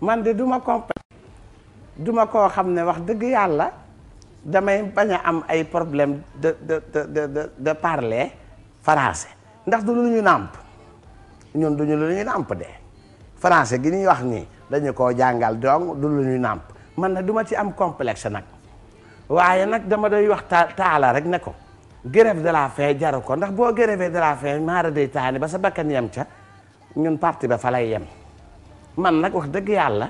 man de du ma compagnie koo xam ne wax dëgg yàlla damay bañ a am ay problème de de de de parler français ndax du lu ñu nàmp ñun du ñu lu ñu nàmp de français gi ñuy wax nii dañu koo jàngal dong du lu ñu nàmp man na duma ci am complexe nag waaye nag dama doy wax ta taala rek ne ko grève de la faim jaru ko ndax boo grève de la faim maara day taani ba sa bakkan yem ca ñun parti ba fa lay yem man nag wax dëgg yàlla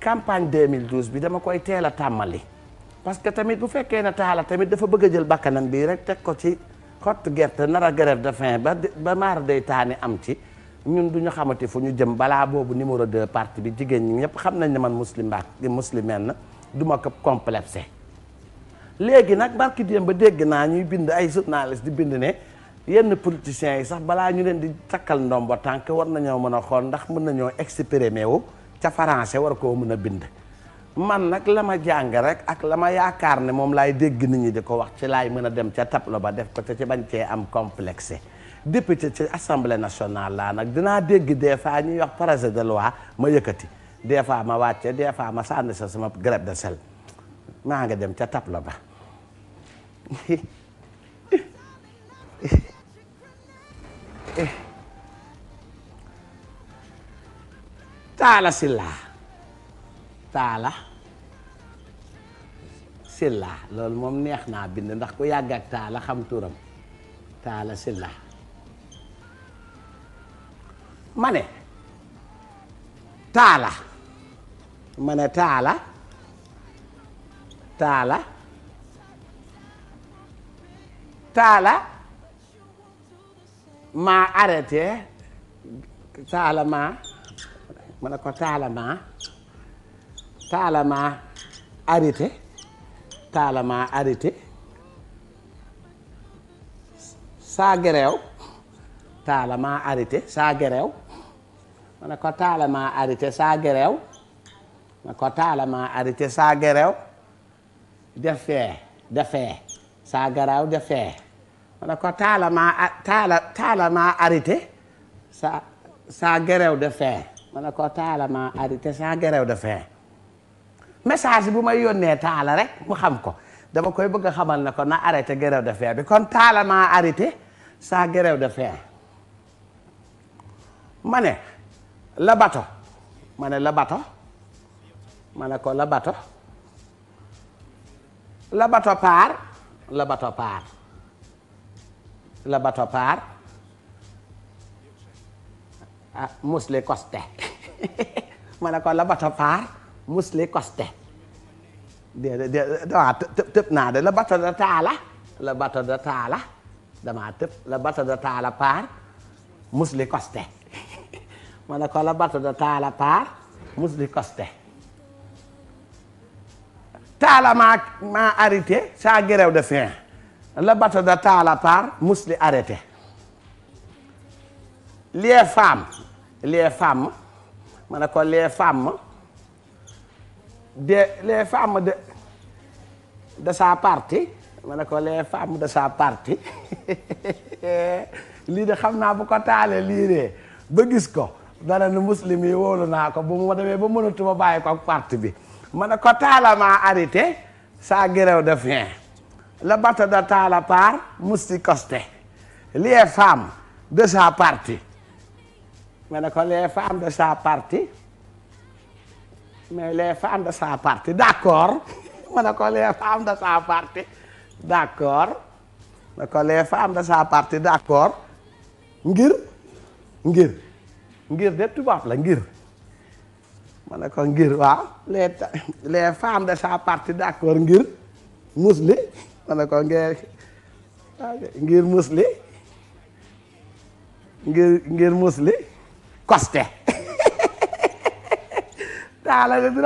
campagne mille 2012 bi dama koy teel a tàmmali parce que tamit bu fekkee ne taala tamit dafa bëgg a jël bakkanam bii rek teg ko ci xott gerte nar a grève de faim ba ba maar day taani am ci ñun duñu xamati fu ñu jëm balaa boobu numéro 2 parti bi jigéen ñi ñëpp xam nañ ne man muslim baa muslimeen na duma ma ko complexé léegi nag barki démb ba dégg naa ñuy bind ay journaliste di bind ne yenn politiciens yi sax balaa ñu leen di takkal ndombo tànk war nañoo mën a xool ndax mën nañoo exprimer wu ca français war koo mën a bind man nag la ma jàng rek ak la ma yaakaar ne moom laay dégg nit ñi di ko wax ci laay mën a dem ca tablo ba def ko ca ci bañ cee am complexe député ci assemblée nationale laa nag dinaa dégg des fois ñuy wax projet de loi ma yëkkati des fois ma wàcce des fois ma sànni sa sama grappe de sel maa nga dem ca tablo ba Eh. taala silla taala silla lool moom neex naa bind ndax ku yàgg ak taala xam turam taala silla ma taala mane taala taala taala maa arrêté taalama ma ne ko taalama taalama arrêté taalama arrêté saa gereew taalama arrêté saa gereew ma ne ko taalama arrêté saa gereew ma ne ko taalama arrêté saa gereew defee defee saa gereew defee wala ko taala taalama taala taalama arrêté sa sa grève de ma ne ko taalama arrêté sa grève de faim message bu may yónnee taala rek mu xam ko dama koy bëgg a xamal ne ko na arrêté grève de faim bi kon taalama arrêté saa grève de faim ma ne la bato ma ne la bato ma ne ko la bato la bato paar la bato paar le bateau part ah Mously Costé ma ne ko le bateau part Mously Costé déedéet déedéet waaw ah, të tëb naa de le bateau de damaa tëb le bateau de Talla part Mously Costé ma ne ko le bateau maa maa saa grève de la bateau de taala part mus li arrêté les femmes les femmes ko les femmes de les femmes de de sa partie ma ne ko les femmes de sa partie lii de xam naa bu ko taalee lii de ba gis ko dana nu muslim yi wóolu naa ko bu mu demee ba mënatuma bàyyi ko ak parti bi ma ne ko taala maa arrêté saa gërëw de le bateau de Talla par Mousti Costé les femmes de sa partie ma ko les femmes de sa parti mais les femmes de d'accord ma ko les femmes de sa partie d'accord ma ne ko les femmes de sa partie d'accord ngir ngir ngir de tubaab la ngir ma ko ngir waaw les les femmes de sa partie d'accord ngir musli ma ne ko ngir ngir musli ngir ngir musli koste daala